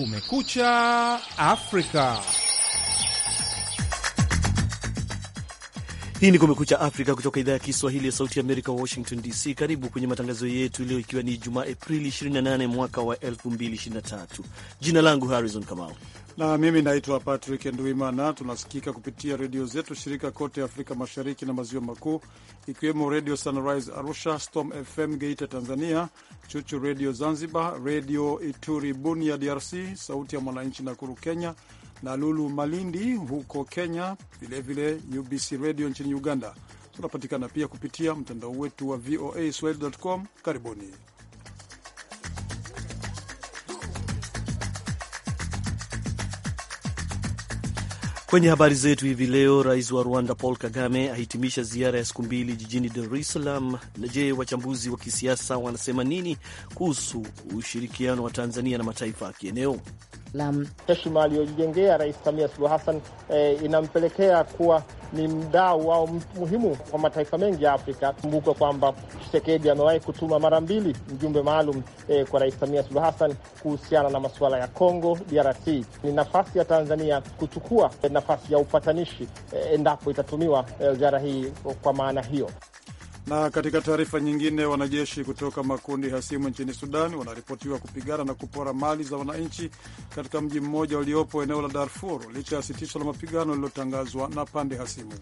Kumekucha Afrika. Hii ni Kumekucha Afrika kutoka idhaa ya Kiswahili ya Sauti ya Amerika, Washington DC. Karibu kwenye matangazo yetu leo, ikiwa ni Jumaa Aprili 28 mwaka wa 2023. Jina langu Harrison Kamau na mimi naitwa Patrick Nduimana. Tunasikika kupitia redio zetu shirika kote Afrika Mashariki na Maziwa Makuu, ikiwemo Redio Sunrise Arusha, Storm FM Geita Tanzania, Chuchu Redio Zanzibar, Redio Ituri Bunia DRC, Sauti ya Mwananchi Nakuru Kenya na Lulu Malindi huko Kenya, vilevile UBC Redio nchini Uganda. Tunapatikana pia kupitia mtandao wetu wa VOA Swahili.com. Karibuni. Kwenye habari zetu hivi leo, rais wa Rwanda Paul Kagame ahitimisha ziara ya siku mbili jijini Dar es Salaam. Na je, wachambuzi wa kisiasa wanasema nini kuhusu ushirikiano wa Tanzania na mataifa ya kieneo? Heshima aliyojijengea Rais Samia Suluhu Hassan e, inampelekea kuwa ni mdau au muhimu kwa mataifa mengi ya Afrika. Kumbukwe kwamba Chisekedi amewahi kutuma mara mbili mjumbe maalum e, kwa Rais Samia Suluhu Hassan kuhusiana na masuala ya congo DRC. Ni nafasi ya Tanzania kuchukua eh, nafasi ya upatanishi endapo itatumiwa e, ziara hii kwa maana hiyo. Na katika taarifa nyingine, wanajeshi kutoka makundi hasimu nchini Sudan wanaripotiwa kupigana na kupora mali za wananchi katika mji mmoja uliopo eneo la Darfur licha ya sitisho la mapigano lililotangazwa na pande hasimu.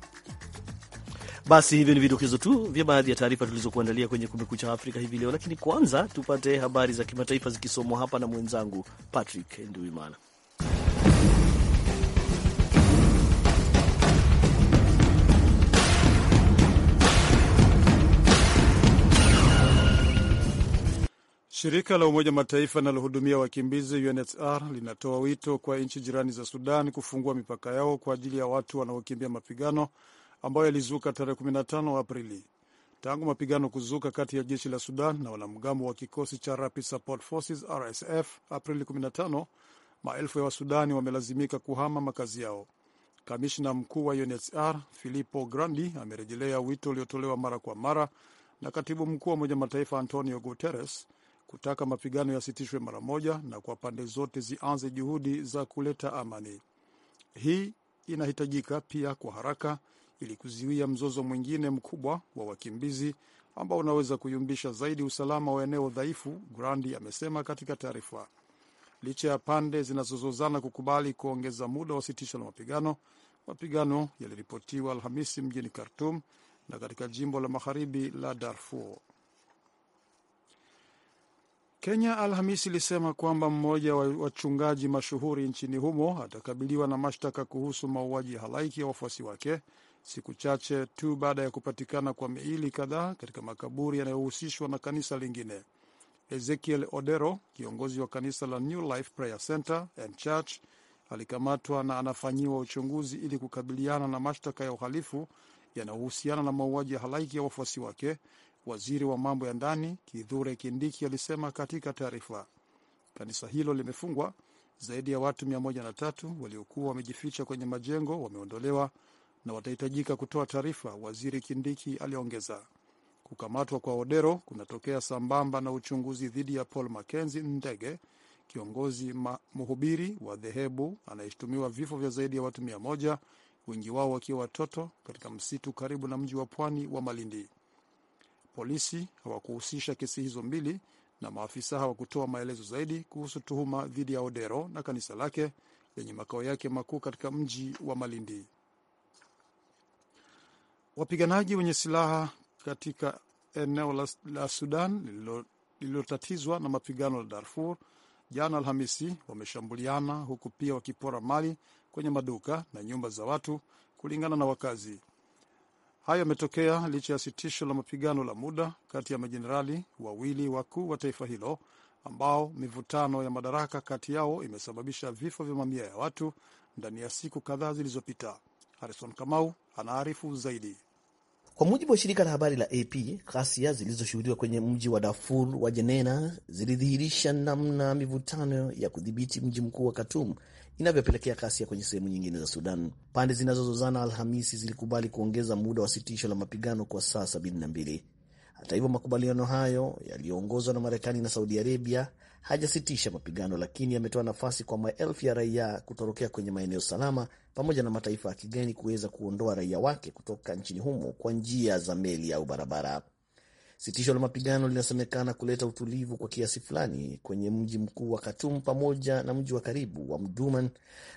Basi hivyo ni vidokezo tu vya baadhi ya taarifa tulizokuandalia kwenye Kumekucha Afrika hivi leo, lakini kwanza tupate habari za kimataifa zikisomwa hapa na mwenzangu Patrick Nduimana. Shirika la Umoja Mataifa linalohudumia wakimbizi UNHCR linatoa wito kwa nchi jirani za Sudan kufungua mipaka yao kwa ajili ya watu wanaokimbia mapigano ambayo yalizuka tarehe 15 Aprili. Tangu mapigano kuzuka kati ya jeshi la Sudan na wanamgambo wa kikosi cha Rapid Support Forces RSF Aprili 15, maelfu ya Wasudani wamelazimika kuhama makazi yao. Kamishna mkuu wa UNHCR Filippo Grandi amerejelea wito uliotolewa mara kwa mara na katibu mkuu wa Umoja Mataifa Antonio Guterres kutaka mapigano yasitishwe mara moja na kwa pande zote zianze juhudi za kuleta amani. Hii inahitajika pia kwa haraka ili kuzuia mzozo mwingine mkubwa wa wakimbizi ambao unaweza kuyumbisha zaidi usalama wa eneo dhaifu, Grandi amesema katika taarifa. Licha ya pande zinazozozana kukubali kuongeza muda wa sitisho la mapigano, mapigano yaliripotiwa Alhamisi mjini Khartum na katika jimbo la magharibi la Darfur. Kenya Alhamisi ilisema kwamba mmoja wa wachungaji mashuhuri nchini humo atakabiliwa na mashtaka kuhusu mauaji ya halaiki ya wafuasi wake siku chache tu baada ya kupatikana kwa miili kadhaa katika makaburi yanayohusishwa na kanisa lingine. Ezekiel Odero, kiongozi wa kanisa la New Life Prayer Center and Church, alikamatwa na anafanyiwa uchunguzi ili kukabiliana na mashtaka ya uhalifu yanayohusiana na mauaji ya halaiki ya wafuasi wake Waziri wa mambo ya ndani Kithure Kindiki alisema katika taarifa. Kanisa hilo limefungwa. Zaidi ya watu 103 waliokuwa wamejificha kwenye majengo wameondolewa na watahitajika kutoa taarifa, waziri Kindiki aliongeza. Kukamatwa kwa Odero kunatokea sambamba na uchunguzi dhidi ya Paul makenzi Ndege, kiongozi mhubiri wa dhehebu anayeshutumiwa vifo vya zaidi ya watu moja, wengi wao wakiwa watoto, katika msitu karibu na mji wa pwani wa Malindi. Polisi hawakuhusisha kesi hizo mbili na maafisa hawakutoa maelezo zaidi kuhusu tuhuma dhidi ya Odero na kanisa lake lenye makao yake makuu katika mji wa Malindi. Wapiganaji wenye silaha katika eneo la, la Sudan lililotatizwa na mapigano la Darfur jana Alhamisi wameshambuliana huku pia wakipora mali kwenye maduka na nyumba za watu, kulingana na wakazi. Hayo yametokea licha ya sitisho la mapigano la muda kati ya majenerali wawili wakuu wa taifa hilo ambao mivutano ya madaraka kati yao imesababisha vifo vya mamia ya watu ndani ya siku kadhaa zilizopita. Harison Kamau anaarifu zaidi. Kwa mujibu wa shirika la habari la AP, ghasia zilizoshuhudiwa kwenye mji wa Darfur wa Jenena zilidhihirisha namna mivutano ya kudhibiti mji mkuu wa Khartoum inavyopelekea ghasia kwenye sehemu nyingine za Sudan. Pande zinazozozana Alhamisi zilikubali kuongeza muda wa sitisho la mapigano kwa saa 72. Hata hivyo, makubaliano hayo yaliyoongozwa na Marekani na Saudi Arabia hajasitisha mapigano, lakini ametoa nafasi kwa maelfu ya raia kutorokea kwenye maeneo salama pamoja na mataifa ya kigeni kuweza kuondoa raia wake kutoka nchini humo kwa njia za meli au barabara. Sitisho la mapigano linasemekana kuleta utulivu kwa kiasi fulani kwenye mji mkuu wa Khartoum pamoja na mji wa karibu wa mduman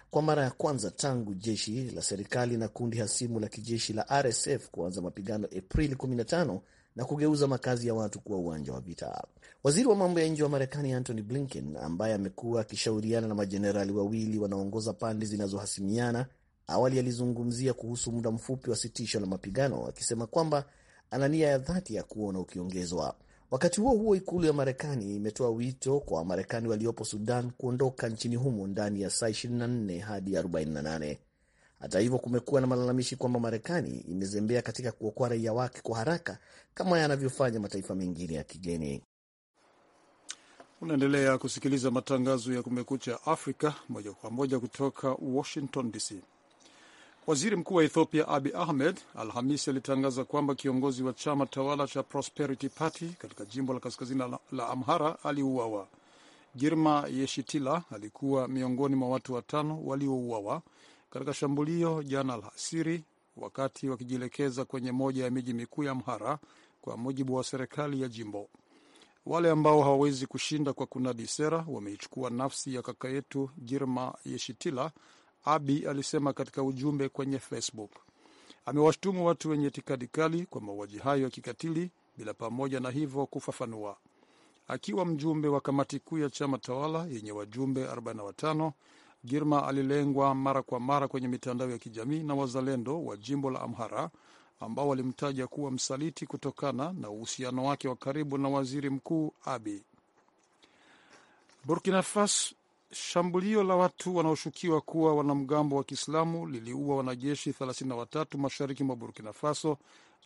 kwa mara ya kwanza tangu jeshi la serikali na kundi hasimu la kijeshi la RSF kuanza mapigano Aprili 15 na kugeuza makazi ya watu kuwa uwanja wa vita. Waziri wa mambo ya nje wa Marekani Antony Blinken, ambaye amekuwa akishauriana na majenerali wawili wanaoongoza pande zinazohasimiana, awali alizungumzia kuhusu muda mfupi wa sitisho la mapigano, akisema kwamba ana nia ya dhati ya kuona ukiongezwa. Wakati huo huo, ikulu ya Marekani imetoa wito kwa Wamarekani waliopo Sudan kuondoka nchini humo ndani ya saa 24 hadi 48. Hata hivyo, kumekuwa na malalamishi kwamba Marekani imezembea katika kuokoa raia wake kwa haraka kama yanavyofanya mataifa mengine ya kigeni. Unaendelea kusikiliza matangazo ya Kumekucha Afrika moja kwa moja kutoka Washington DC. Waziri mkuu wa Ethiopia Abi Ahmed Alhamisi alitangaza kwamba kiongozi wa chama tawala cha Prosperity Party katika jimbo la kaskazini la Amhara aliuawa. Girma Yeshitila alikuwa miongoni mwa watu watano waliouawa katika shambulio jana alasiri wakati wakijielekeza kwenye moja ya miji mikuu ya Amhara, kwa mujibu wa serikali ya jimbo. Wale ambao hawawezi kushinda kwa kunadi sera wameichukua nafsi ya kaka yetu Girma Yeshitila, Abi alisema katika ujumbe kwenye Facebook. Amewashtumu watu wenye itikadi kali kwa mauaji hayo ya kikatili bila pamoja na hivyo kufafanua. Akiwa mjumbe wa kamati kuu ya chama tawala yenye wajumbe 45 Girma alilengwa mara kwa mara kwenye mitandao ya kijamii na wazalendo wa jimbo la Amhara ambao walimtaja kuwa msaliti kutokana na uhusiano wake wa karibu na waziri mkuu Abi. Burkina Faso, shambulio la watu wanaoshukiwa kuwa wanamgambo wa Kiislamu liliua wanajeshi 33 mashariki mwa Burkina Faso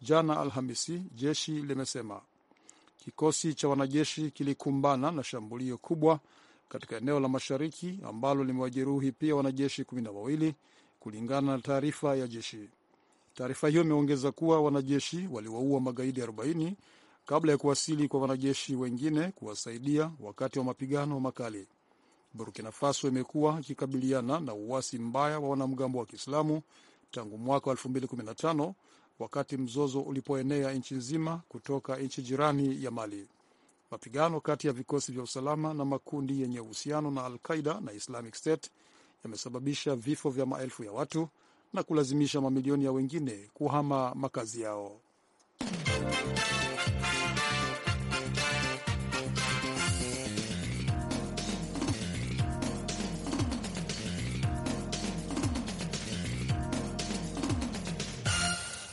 jana Alhamisi, jeshi limesema. Kikosi cha wanajeshi kilikumbana na shambulio kubwa katika eneo la mashariki ambalo limewajeruhi pia wanajeshi kumi na wawili kulingana na taarifa ya jeshi. Taarifa hiyo imeongeza kuwa wanajeshi waliwaua magaidi 40 kabla ya kuwasili kwa wanajeshi wengine kuwasaidia wakati wa mapigano makali. Burkina Faso imekuwa ikikabiliana na uasi mbaya wa wanamgambo wa Kiislamu tangu mwaka wa 2015 wakati mzozo ulipoenea nchi nzima kutoka nchi jirani ya Mali. Mapigano kati ya vikosi vya usalama na makundi yenye uhusiano na Al-Qaida na Islamic State yamesababisha vifo vya maelfu ya watu na kulazimisha mamilioni ya wengine kuhama makazi yao.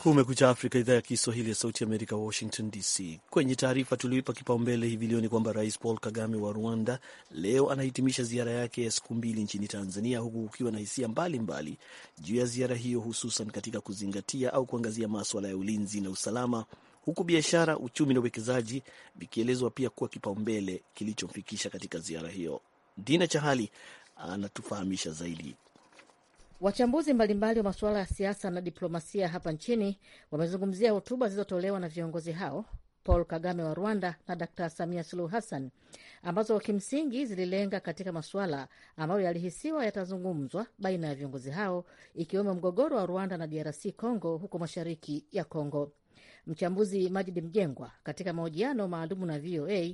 Kumekucha Afrika, idhaa ya Kiswahili ya Sauti Amerika, Washington DC. Kwenye taarifa tulioipa kipaumbele hivi leo ni kwamba Rais Paul Kagame wa Rwanda leo anahitimisha ziara yake ya siku mbili nchini Tanzania, huku kukiwa na hisia mbalimbali juu ya ziara hiyo, hususan katika kuzingatia au kuangazia maswala ya ulinzi na usalama, huku biashara, uchumi na uwekezaji vikielezwa pia kuwa kipaumbele kilichomfikisha katika ziara hiyo. Dina Chahali anatufahamisha zaidi. Wachambuzi mbalimbali wa masuala ya siasa na diplomasia hapa nchini wamezungumzia hotuba zilizotolewa na viongozi hao Paul Kagame wa Rwanda na Dkt Samia Suluhu Hassan ambazo kimsingi zililenga katika masuala ambayo yalihisiwa yatazungumzwa baina ya viongozi hao ikiwemo mgogoro wa Rwanda na DRC Congo huko mashariki ya Congo. Mchambuzi Majid Mjengwa katika mahojiano maalumu na VOA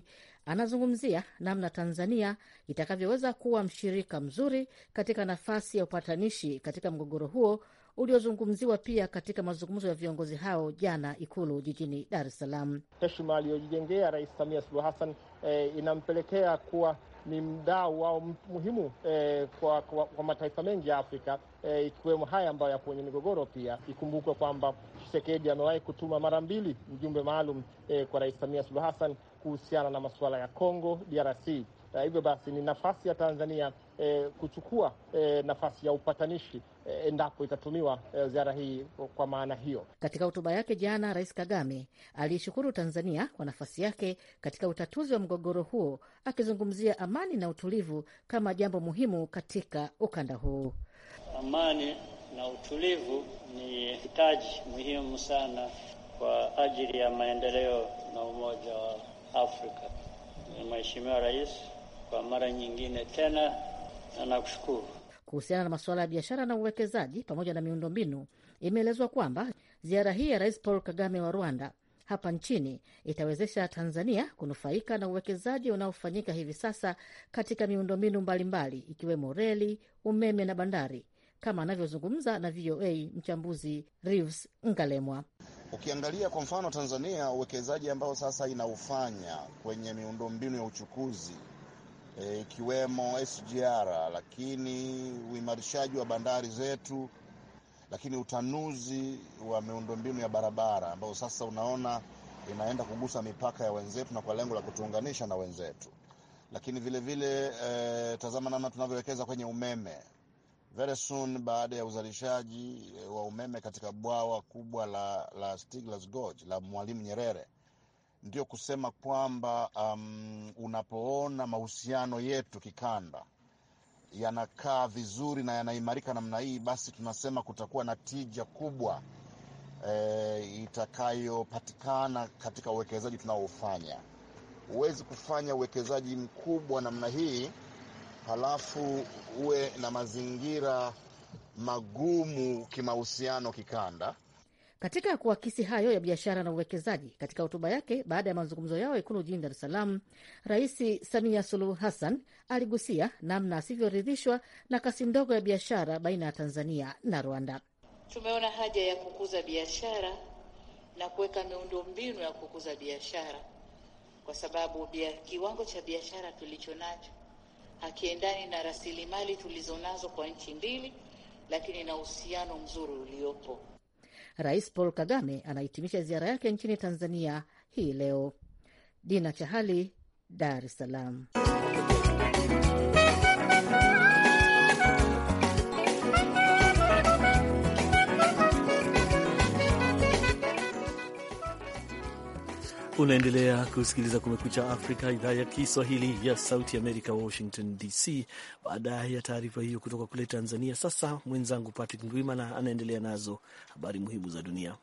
anazungumzia namna Tanzania itakavyoweza kuwa mshirika mzuri katika nafasi ya upatanishi katika mgogoro huo uliozungumziwa pia katika mazungumzo ya viongozi hao jana Ikulu jijini Dar es Salaam. Heshima aliyojijengea Rais Samia Suluhu Hassan eh, inampelekea kuwa ni mdau wao muhimu eh, kwa, kwa, kwa mataifa mengi ya Afrika eh, ikiwemo haya ambayo yako kwenye migogoro. Pia ikumbukwe kwamba Tshisekedi amewahi kutuma mara mbili mjumbe maalum eh, kwa Rais Samia Suluhu Hassan kuhusiana na masuala ya Kongo DRC na eh, hivyo basi ni nafasi ya Tanzania eh, kuchukua eh, nafasi ya upatanishi eh, endapo itatumiwa eh, ziara hii kwa maana hiyo. Katika hotuba yake jana, Rais Kagame aliishukuru Tanzania kwa nafasi yake katika utatuzi wa mgogoro huo, akizungumzia amani na utulivu kama jambo muhimu katika ukanda huu. Amani na utulivu ni hitaji muhimu sana kwa ajili ya maendeleo na umoja wa Afrika. Mheshimiwa Rais kwa mara nyingine tena, na nakushukuru. Kuhusiana na masuala ya biashara na uwekezaji pamoja na miundombinu, imeelezwa kwamba ziara hii ya Rais Paul Kagame wa Rwanda hapa nchini itawezesha Tanzania kunufaika na uwekezaji unaofanyika hivi sasa katika miundombinu mbalimbali ikiwemo reli, umeme na bandari, kama anavyozungumza na VOA mchambuzi Reeves Ngalemwa. Ukiangalia kwa mfano Tanzania, uwekezaji ambao sasa inaufanya kwenye miundombinu ya uchukuzi E, ikiwemo e, SGR, lakini uimarishaji wa bandari zetu, lakini utanuzi wa miundombinu ya barabara ambao sasa unaona inaenda kugusa mipaka ya wenzetu na kwa lengo la kutuunganisha na wenzetu, lakini vilevile vile, e, tazama namna tunavyowekeza kwenye umeme very soon baada ya uzalishaji e, wa umeme katika bwawa kubwa la, la Stiglas Gorge la Mwalimu Nyerere ndio kusema kwamba um, unapoona mahusiano yetu kikanda yanakaa vizuri na yanaimarika namna hii, basi tunasema kutakuwa na tija kubwa e, itakayopatikana katika uwekezaji tunaofanya Huwezi kufanya uwekezaji mkubwa namna hii halafu uwe na mazingira magumu kimahusiano kikanda. Katika kuakisi hayo ya biashara na uwekezaji, katika hotuba yake baada ya mazungumzo yao Ikulu jijini Dar es Salaam, Rais Samia Suluhu Hassan aligusia namna asivyoridhishwa na kasi ndogo ya biashara baina ya Tanzania na Rwanda. Tumeona haja ya kukuza biashara na kuweka miundombinu ya kukuza biashara, kwa sababu bia, kiwango cha biashara tulicho nacho hakiendani na rasilimali tulizonazo kwa nchi mbili, lakini na uhusiano mzuri uliopo Rais Paul Kagame anahitimisha ziara yake nchini Tanzania hii leo. Dina Chahali, Dar es Salaam. Unaendelea kusikiliza Kumekucha Afrika, idhaa ya Kiswahili ya Sauti Amerika, Washington DC. Baada ya taarifa hiyo kutoka kule Tanzania, sasa mwenzangu Patrick Ndwimana anaendelea nazo habari muhimu za dunia.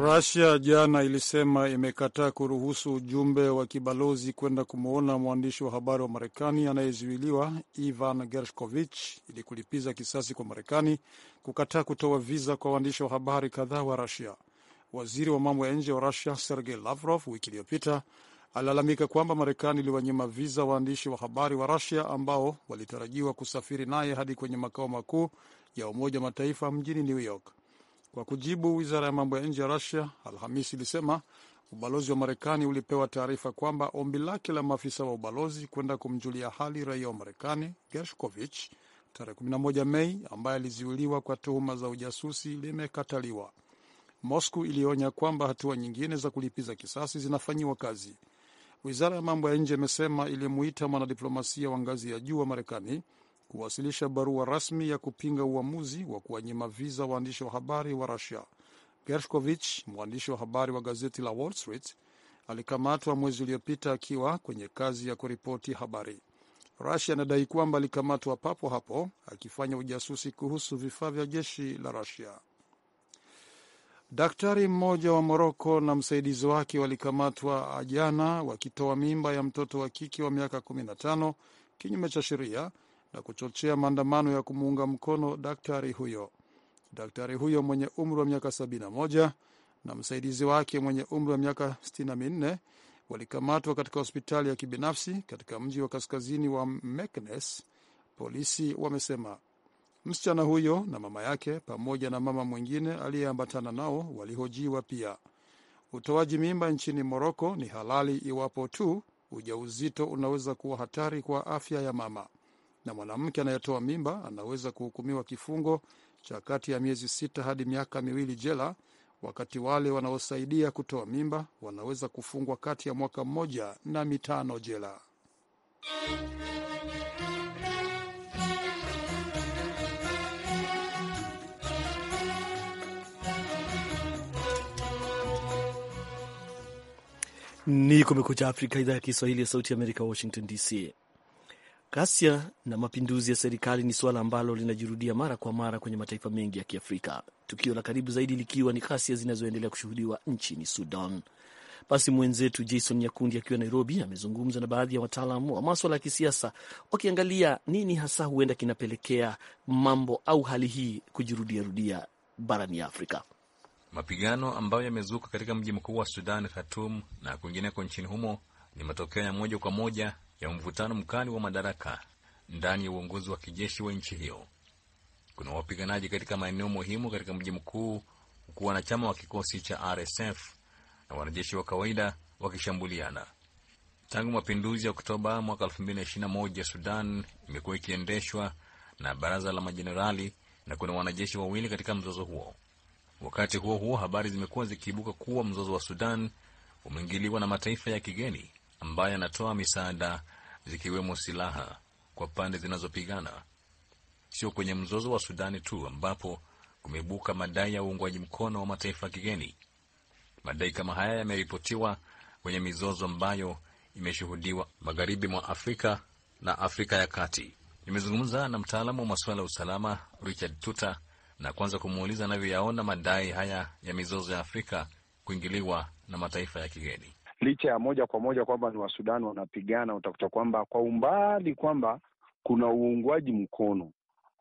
rasia jana ilisema imekataa kuruhusu ujumbe wa kibalozi kwenda kumwona mwandishi wa habari wa Marekani anayezuiliwa Ivan Gershkovich ili kulipiza kisasi kwa Marekani kukataa kutoa viza kwa waandishi wa habari kadhaa wa rasia Waziri wa mambo ya nje wa Russia Sergei Lavrov wiki iliyopita alilalamika kwamba Marekani iliwanyima viza waandishi wa habari wa rasia ambao walitarajiwa kusafiri naye hadi kwenye makao makuu ya Umoja wa Mataifa mjini New York. Kwa kujibu, wizara ya mambo ya nje ya Rusia Alhamisi ilisema ubalozi wa Marekani ulipewa taarifa kwamba ombi lake la maafisa wa ubalozi kwenda kumjulia hali raia wa Marekani Gershkovich tarehe 11 Mei, ambaye alizuiliwa kwa tuhuma za ujasusi limekataliwa. Moscow ilionya kwamba hatua nyingine za kulipiza kisasi zinafanyiwa kazi. Wizara ya mambo ya nje imesema ilimuita mwanadiplomasia wa ngazi ya juu wa Marekani kuwasilisha barua rasmi ya kupinga uamuzi wa kuwanyima viza waandishi wa habari wa Rusia. Gershkovich, mwandishi wa habari wa gazeti la Wall Street, alikamatwa mwezi uliopita akiwa kwenye kazi ya kuripoti habari. Rusia anadai kwamba alikamatwa papo hapo akifanya ujasusi kuhusu vifaa vya jeshi la Rusia. Daktari mmoja wa Moroko na msaidizi wake walikamatwa jana wakitoa mimba ya mtoto wa kike wa miaka 15 kinyume cha sheria na kuchochea maandamano ya kumuunga mkono daktari huyo. Daktari huyo mwenye umri wa miaka 71 na msaidizi wake mwenye umri wa miaka 64 walikamatwa katika hospitali ya kibinafsi katika mji wa kaskazini wa Meknes, polisi wamesema. Msichana huyo na mama yake pamoja na mama mwingine aliyeambatana nao walihojiwa pia. Utoaji mimba nchini Moroko ni halali iwapo tu ujauzito unaweza kuwa hatari kwa afya ya mama na mwanamke anayetoa mimba anaweza kuhukumiwa kifungo cha kati ya miezi sita hadi miaka miwili jela, wakati wale wanaosaidia kutoa mimba wanaweza kufungwa kati ya mwaka mmoja na mitano jela. Ni Kumekucha Afrika, idhaa ya Kiswahili ya Sauti ya Amerika, Washington DC. Ghasia na mapinduzi ya serikali ni suala ambalo linajirudia mara kwa mara kwenye mataifa mengi ya Kiafrika, tukio la karibu zaidi likiwa ni ghasia zinazoendelea kushuhudiwa nchini Sudan. Basi mwenzetu Jason Nyakundi akiwa Nairobi amezungumza na baadhi ya wataalamu wa maswala ya kisiasa wakiangalia nini hasa huenda kinapelekea mambo au hali hii kujirudiarudia barani ya Afrika. Mapigano ambayo yamezuka katika mji mkuu wa Sudan, Khartoum, na kwingineko nchini humo ni matokeo ya moja kwa moja ya mvutano mkali wa madaraka ndani ya uongozi wa kijeshi wa nchi hiyo. Kuna wapiganaji katika maeneo muhimu katika mji mkuu, huku wanachama wa kikosi cha RSF na wanajeshi wa kawaida wakishambuliana. Tangu mapinduzi ya Oktoba mwaka 2021 Sudan imekuwa ikiendeshwa na baraza la majenerali na kuna wanajeshi wawili katika mzozo huo. Wakati huo huo, habari zimekuwa zikiibuka kuwa mzozo wa Sudan umeingiliwa na mataifa ya kigeni ambayo yanatoa misaada zikiwemo silaha kwa pande zinazopigana. Sio kwenye mzozo wa Sudani tu ambapo kumebuka madai ya uungwaji mkono wa mataifa ya kigeni. Madai kama haya yameripotiwa kwenye mizozo ambayo imeshuhudiwa magharibi mwa Afrika na Afrika ya Kati. Nimezungumza na mtaalamu wa masuala ya usalama Richard Tuta na kwanza kumuuliza anavyoyaona madai haya ya mizozo ya Afrika kuingiliwa na mataifa ya kigeni licha ya moja kwa moja kwamba ni wasudan wanapigana, utakuta kwamba kwa umbali kwamba kuna uungwaji mkono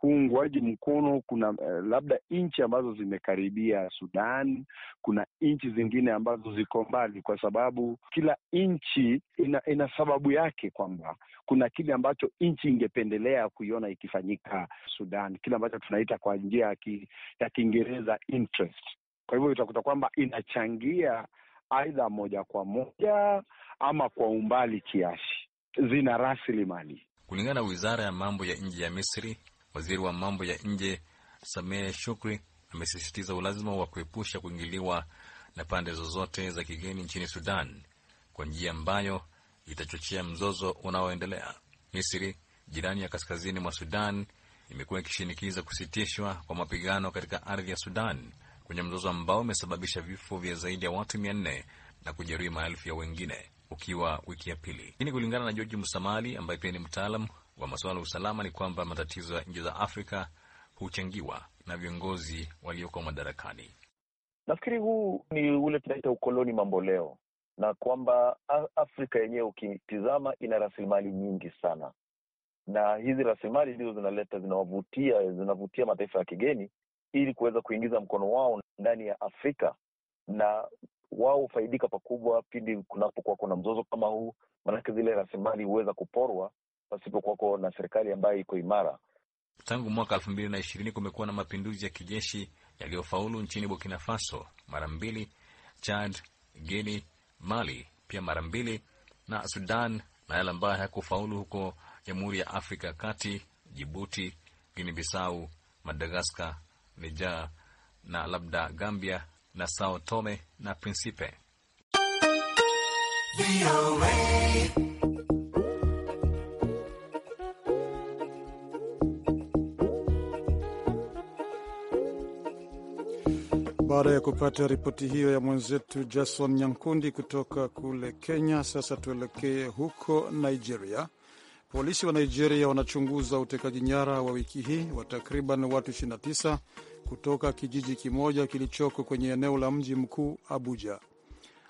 uungwaji mkono kuna uh, labda nchi ambazo zimekaribia Sudan, kuna nchi zingine ambazo ziko mbali, kwa sababu kila nchi ina, ina sababu yake, kwamba kuna kile ambacho nchi ingependelea kuiona ikifanyika Sudan, kile ambacho tunaita kwa njia ya Kiingereza interest. Kwa hivyo utakuta kwamba inachangia aidha moja kwa moja ama kwa umbali kiasi, zina rasilimali. Kulingana na wizara ya mambo ya nje ya Misri, waziri wa mambo ya nje samehe Shukri amesisitiza ulazima wa kuepusha kuingiliwa na pande zozote za kigeni nchini Sudan kwa njia ambayo itachochea mzozo unaoendelea. Misri, jirani ya kaskazini mwa Sudan, imekuwa ikishinikiza kusitishwa kwa mapigano katika ardhi ya Sudan kwenye mzozo ambao umesababisha vifo vya zaidi ya watu mia nne na kujeruhi maelfu ya wengine ukiwa wiki ya pili. Lakini kulingana na George Musamali ambaye pia ni mtaalam wa masuala ya usalama, ni kwamba matatizo ya nchi za Afrika huchangiwa na viongozi walioko madarakani. Nafikiri huu ni ule tunaita ukoloni mamboleo, na kwamba Afrika yenyewe ukitizama, ina rasilimali nyingi sana, na hizi rasilimali ndizo zinaleta zinawavutia, zinavutia mataifa ya kigeni ili kuweza kuingiza mkono wao ndani ya Afrika na wao hufaidika pakubwa pindi kunapokuwa kuna mzozo kama huu, maanake zile rasilimali huweza kuporwa pasipokuwako na serikali ambayo iko imara. Tangu mwaka elfu mbili na ishirini kumekuwa na mapinduzi ya kijeshi yaliyofaulu nchini Burkina Faso mara mbili, Chad, Guini, Mali pia mara mbili, na Sudan na yale ambayo hayakufaulu huko Jamhuri ya Afrika ya Kati, Jibuti, Guini Bisau, Madagaskar imejaa na labda Gambia na Sao Tome na Principe. Baada ya kupata ripoti hiyo ya mwenzetu Jason Nyankundi kutoka kule Kenya, sasa tuelekee huko Nigeria Polisi wa Nigeria wanachunguza utekaji nyara wa wiki hii wa takriban watu 29 kutoka kijiji kimoja kilichoko kwenye eneo la mji mkuu Abuja.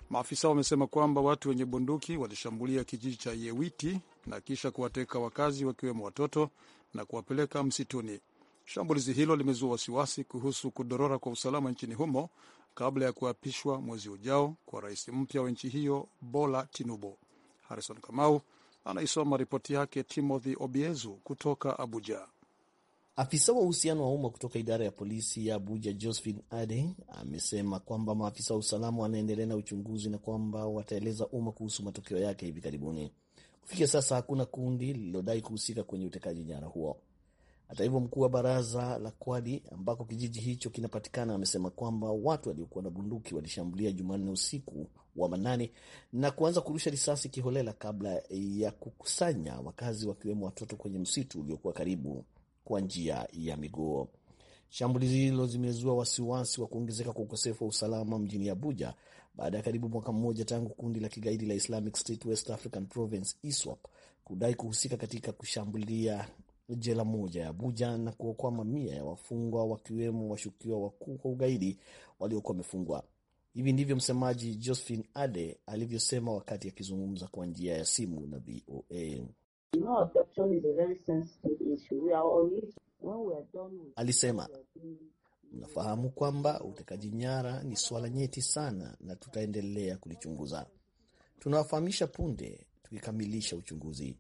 Maafisa wamesema kwamba watu wenye bunduki walishambulia kijiji cha Yewiti na kisha kuwateka wakazi wakiwemo watoto na kuwapeleka msituni. Shambulizi hilo limezua wasiwasi kuhusu kudorora kwa usalama nchini humo kabla ya kuapishwa mwezi ujao kwa rais mpya wa nchi hiyo Bola Tinubu. Harrison Kamau anaisoma ripoti yake Timothy Obiezu kutoka Abuja. Afisa wa uhusiano wa umma kutoka idara ya polisi ya Abuja, Josephine Ade, amesema kwamba maafisa wa usalama wanaendelea na uchunguzi na kwamba wataeleza umma kuhusu matokeo yake hivi karibuni. Kufikia sasa hakuna kundi lililodai kuhusika kwenye utekaji nyara huo. Hata hivyo, mkuu wa baraza la Kwadi ambako kijiji hicho kinapatikana amesema kwamba watu waliokuwa na bunduki walishambulia Jumanne usiku wa manane na kuanza kurusha risasi kiholela kabla ya kukusanya wakazi wakiwemo watoto kwenye msitu uliokuwa karibu kwa njia ya miguo. Shambulizi hilo zimezua wasiwasi wa kuongezeka kwa ukosefu wa usalama mjini Abuja baada ya karibu mwaka mmoja tangu kundi la kigaidi la Islamic State West African Province ISWAP kudai kuhusika katika kushambulia jela moja ya Abuja na kuokoa mamia ya wafungwa wakiwemo washukiwa wakuu wa ugaidi waliokuwa wamefungwa. Hivi ndivyo msemaji Josephine Ade alivyosema wakati akizungumza kwa njia ya simu na VOA. Alisema, mnafahamu kwamba utekaji nyara ni suala nyeti sana na tutaendelea kulichunguza. Tunawafahamisha punde tukikamilisha uchunguzi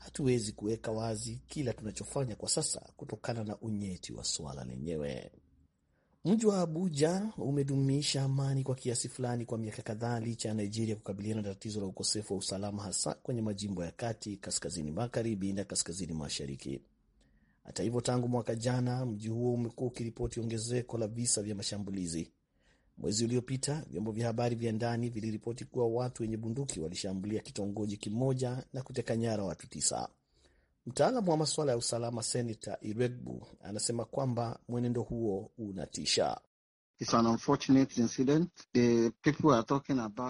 hatuwezi kuweka wazi kila tunachofanya kwa sasa kutokana na unyeti wa suala lenyewe. Mji wa Abuja umedumisha amani kwa kiasi fulani kwa miaka kadhaa licha ya Nigeria kukabiliana na tatizo la ukosefu wa usalama, hasa kwenye majimbo ya kati, kaskazini magharibi na kaskazini mashariki. Hata hivyo, tangu mwaka jana mji huo umekuwa ukiripoti ongezeko la visa vya mashambulizi. Mwezi uliopita vyombo vya habari vya ndani viliripoti kuwa watu wenye bunduki walishambulia kitongoji kimoja na kuteka nyara watu tisa. Mtaalamu wa masuala ya usalama Senata Iregbu anasema kwamba mwenendo huo unatisha.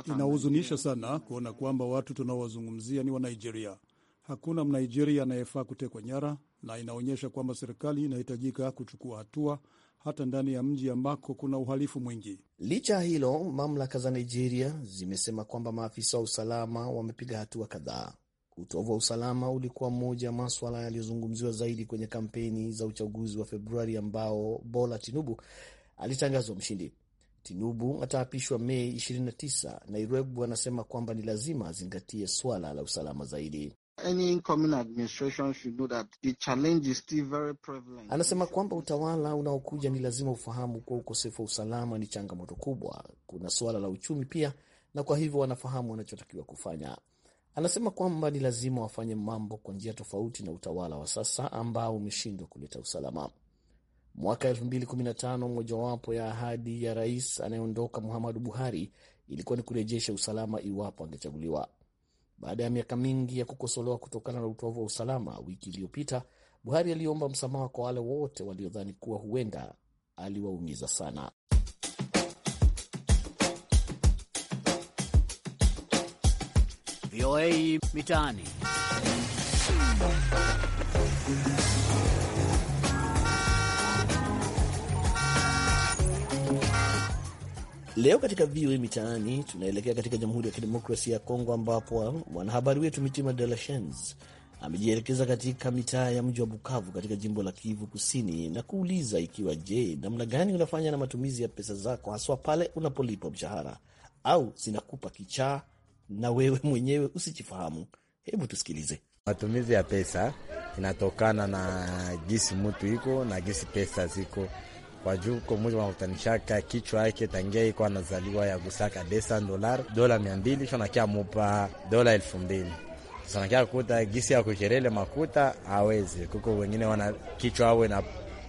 Inahuzunisha sana kuona kwamba watu tunaowazungumzia ni Wanigeria. Hakuna Mnigeria anayefaa kutekwa nyara, na inaonyesha kwamba serikali inahitajika kuchukua hatua hata ndani ya mji ambako kuna uhalifu mwingi. Licha ya hilo, mamlaka za Nigeria zimesema kwamba maafisa wa usalama wamepiga hatua kadhaa. Utovu wa usalama ulikuwa mmoja ya maswala yaliyozungumziwa zaidi kwenye kampeni za uchaguzi wa Februari ambao Bola Tinubu alitangazwa mshindi. Tinubu ataapishwa Mei 29 na anasema kwamba ni lazima azingatie swala la usalama zaidi. Any incoming administration should know that the challenge is still very prevalent. Anasema kwamba utawala unaokuja ni lazima ufahamu kuwa ukosefu wa usalama ni changamoto kubwa. Kuna suala la uchumi pia, na kwa hivyo wanafahamu wanachotakiwa kufanya. Anasema kwamba ni lazima wafanye mambo kwa njia tofauti na utawala wa sasa ambao umeshindwa kuleta usalama. Mwaka 2015 mojawapo ya ahadi ya rais anayeondoka Muhammadu Buhari ilikuwa ni kurejesha usalama iwapo angechaguliwa baada ya miaka mingi ya kukosolewa kutokana na utovu wa usalama. Wiki iliyopita Buhari aliomba msamaha kwa wale wote waliodhani kuwa huenda aliwaumiza sana. VOA Mitaani. Leo katika VOA Mitaani tunaelekea katika Jamhuri ya Kidemokrasia ya Kongo, ambapo mwanahabari wetu Mitima De La Shans amejielekeza katika mitaa ya mji wa Bukavu katika jimbo la Kivu Kusini na kuuliza ikiwa, je, namna gani unafanya na matumizi ya pesa zako, haswa pale unapolipwa mshahara, au zinakupa kichaa na wewe mwenyewe usijifahamu? Hebu tusikilize. Matumizi ya pesa inatokana na gisi mtu iko na gisi pesa ziko kwa juu komuzi wanakutanishaka kichwa yake tangia iko anazaliwa ya gusaka desa dolar dola mia mbili nakia mupa dola elfu mbili nakia kuta gisi ya kucherele makuta awezi kuko wengine wana kichwa awe na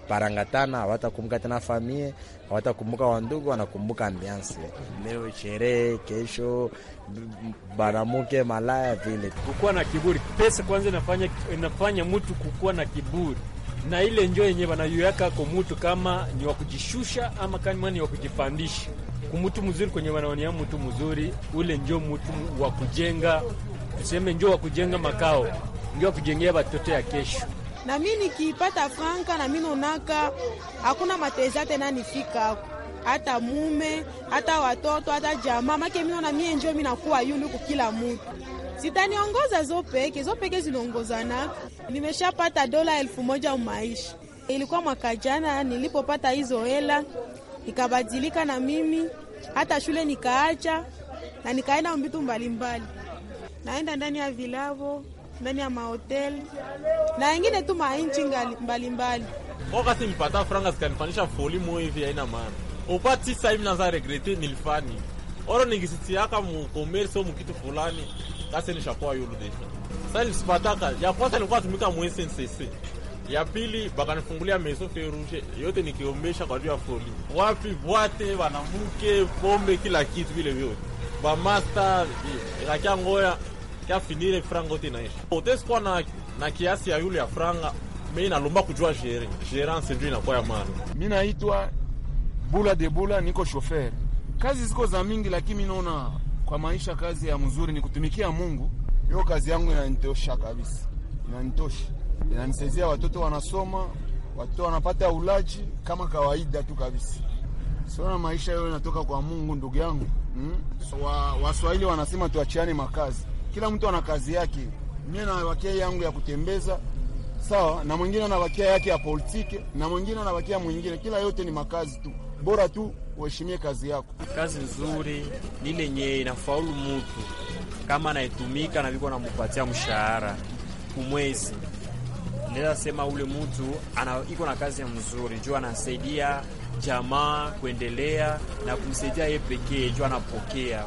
parangatana hawatakumbuka tena famie, hawatakumbuka wandugu, wanakumbuka ambiansi. Leo sherehe, kesho banamuke malaya vile. Kukuwa na kiburi, pesa kwanza inafanya inafanya mtu kukuwa na kiburi na ile njoo yenye kwa kumutu kama ni wa kujishusha ama kama ni wa kujipandisha kumutu mzuri, kwenye wanaonea mtu mzuri, ule njoo mtu wa kujenga, tuseme njoo wa kujenga makao, njoo wa kujengea watoto ya kesho. Na mimi nikipata franka na mimi nonaka hakuna mateza tena nifika hata mume hata watoto hata jamaa make mimi na mimi njoo mimi nakuwa kwa kukila mtu zitaniongoza zopeke zopeke ziliongozana. Nimeshapata dola elfu moja umaishi. Ilikuwa mwaka jana nilipopata hizo hela, nikabadilika na mimi hata shule nikaacha na nikaenda mbitu mbalimbali, naenda ndani ya vilavo, ndani ya mahoteli na wengine tu mainchi mbalimbali. Wakati nipata franga zikanifanyisha foli moyo hivi, haina maana upati sasa hivi naza regrete nilifani oro nikisitiaka mu commerce au fulani sasa ilishakuwa yurudi. Sasa nilisipataka ya kwanza nilikuwa tumika mwezi nsese ya pili bakanifungulia meso feruje yote nikiombesha kwa juu ya foli, wapi bwate wanamuke pombe kila kitu vile vyote master ikakia ngoya kia finire franga yote naisha otesikuwa na, na kiasi ya yule ya franga me nalomba kujua gere gerance ndio inakuwa ya mana Mi naitwa Bula de Bula, niko shofer, kazi ziko za mingi, lakini mi naona kwa maisha. Kazi ya mzuri ni kutumikia Mungu. Hiyo kazi yangu inanitosha kabisa, inanitosha, inanisaidia. Watoto wanasoma, watoto wanapata ulaji kama kawaida tu kabisa. Sona maisha hiyo inatoka kwa Mungu, ndugu yangu hmm? So, wa, Waswahili wanasema tuachiane makazi, kila mtu ana kazi yake. Mimi na wakia yangu ya kutembeza sawa, na mwingine ana wakia yake ya politike, na mwingine ana wakia mwingine. Kila yote ni makazi tu, bora tu uheshimie kazi yako. Kazi nzuri ile nye inafaulu mtu kama anaitumika na viko namupatia mshahara kumwezi, naweza sema ule mutu iko na kazi mzuri juu anasaidia jamaa kuendelea na kumsaidia yeye pekee juu anapokea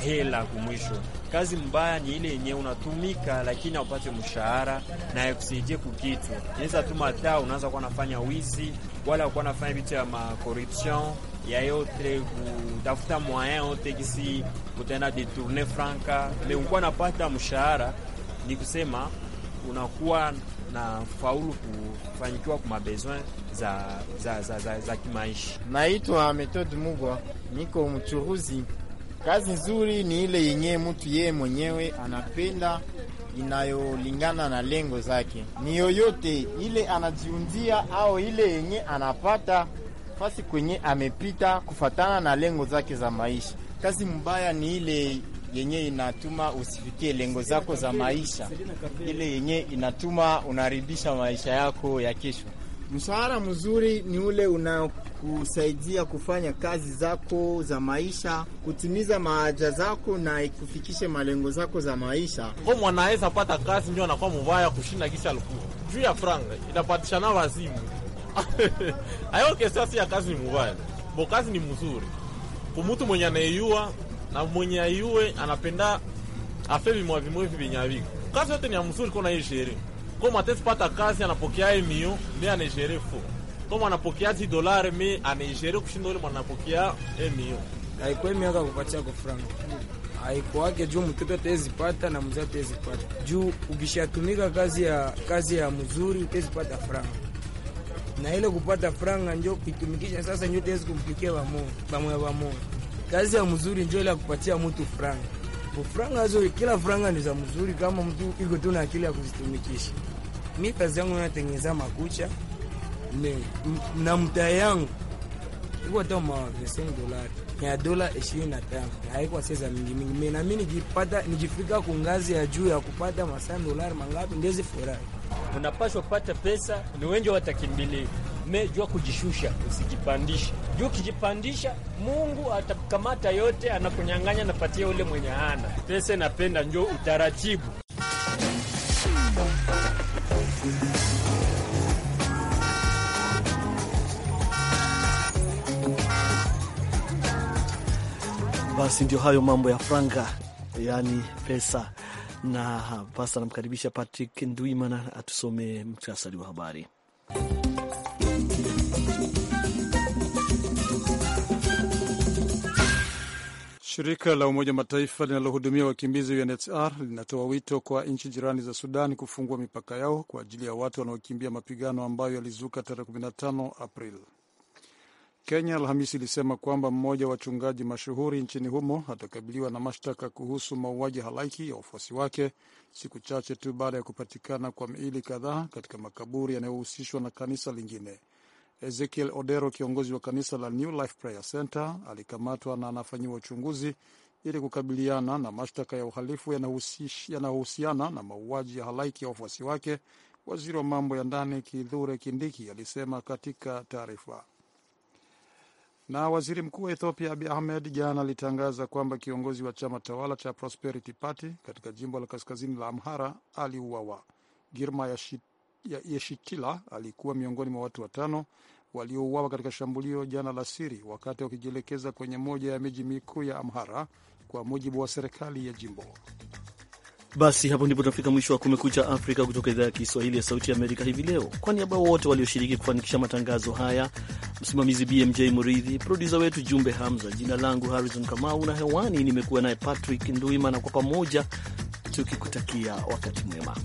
hela kumwisho. Kazi mbaya ni ile yenye unatumika lakini haupate mshahara na yakusaidie kukitu. Inaweza tuma taa, unaanza kuwa nafanya wizi wala kuwa nafanya vitu ya ma ya yote kutafuta moyen yote kisi kutenda detourne franka meukuwa napata mshahara, ni kusema unakuwa na faulu kufanyikiwa kwa mabezoin za, za, za, za, za kimaishi. Naitwa metode Mugwa, niko mchuruzi. Kazi nzuri ni ile yenye mtu yeye mwenyewe anapenda inayolingana na lengo zake, ni yoyote ile anajiundia au ile yenye anapata fasi kwenye amepita kufatana na lengo zake za maisha. Kazi mbaya ni ile yenye inatuma usifikie lengo zako za maisha, ile yenye inatuma unaharibisha maisha yako ya kesho. Mshahara mzuri ni ule unaokusaidia kufanya kazi zako za maisha, kutimiza maaja zako na ikufikishe malengo zako za maisha. Ko mwanaweza pata kazi ndio anakuwa mubaya kushinda kisha alikuwa juu ya franga inapatishana wazimu ayo kesa si ya kazi mubaya bo, kazi ni mzuri kumutu mwenye anayeyua na mwenye ayue anapenda afe vimwa vimwe vivinyaviko. Kazi yote ni ya mzuri kona hii shere kwa matesi pata kazi anapokea emio me anaishere fu ko anapokea ti dolari me anaishere kushinda ule mwanapokea miyo haikuwa miaka kupatia kwa frank haikuwake juu mtoto pata na mzee pata juu ukishatumika kazi ya kazi ya mzuri tezipata frank na ile kupata franga njo kuitumikisha sasa, nyote wezi kumpikia pamoya pamoya. Kazi ya mzuri njo ile kupatia mtu franga, franga hizo, kila franga ni za mzuri kama mtu iko tu na akili ya kuzitumikisha. Mi kazi yangu natengeneza makucha ne, na mtaa yangu iko ta mavesen dolari ya dola ishirini na tano haikuwa seza mingi mingi, menami nikipata nikifika kungazi ya juu ya kupata masaa dolari mangapi ndezi furahi unapashwa kupata pesa, ni wengi watakimbilia mejua kujishusha, usijipandisha juu. Ukijipandisha, Mungu atakamata yote, anakunyang'anya, napatia ule mwenye hana pesa. Napenda njo utaratibu basi. Ndio hayo mambo ya franga, yaani pesa na basi anamkaribisha Patrick Ndwimana atusomee muktasari wa habari. Shirika la Umoja Mataifa linalohudumia wakimbizi UNHCR linatoa wito kwa nchi jirani za Sudan kufungua mipaka yao kwa ajili ya watu wanaokimbia mapigano ambayo yalizuka tarehe 15 Aprili. Kenya Alhamisi ilisema kwamba mmoja wa wachungaji mashuhuri nchini humo atakabiliwa na mashtaka kuhusu mauaji halaiki ya wafuasi wake siku chache tu baada ya kupatikana kwa miili kadhaa katika makaburi yanayohusishwa na kanisa lingine. Ezekiel Odero, kiongozi wa kanisa la New Life Prayer Center, alikamatwa na anafanyiwa uchunguzi ili kukabiliana na mashtaka ya uhalifu yanayohusiana na mauaji ya halaiki ya wafuasi wake. Waziri wa mambo ya ndani Kithure Kindiki alisema katika taarifa. Na waziri mkuu wa Ethiopia abi Ahmed jana alitangaza kwamba kiongozi wa chama tawala cha Prosperity Party katika jimbo la kaskazini la Amhara aliuawa. Girma Yeshitila alikuwa miongoni mwa watu watano waliouawa katika shambulio jana la siri wakati wakijielekeza kwenye moja ya miji mikuu ya Amhara, kwa mujibu wa serikali ya jimbo. Basi hapo ndipo tunafika mwisho wa Kumekucha Afrika kutoka idhaa ya Kiswahili ya Sauti ya Amerika hivi leo. Kwa niaba wote walioshiriki kufanikisha matangazo haya, msimamizi BMJ Muridhi, produsa wetu Jumbe Hamza, jina langu Harrison Kamau na hewani nimekuwa naye Patrick Nduimana, kwa pamoja tukikutakia wakati mwema.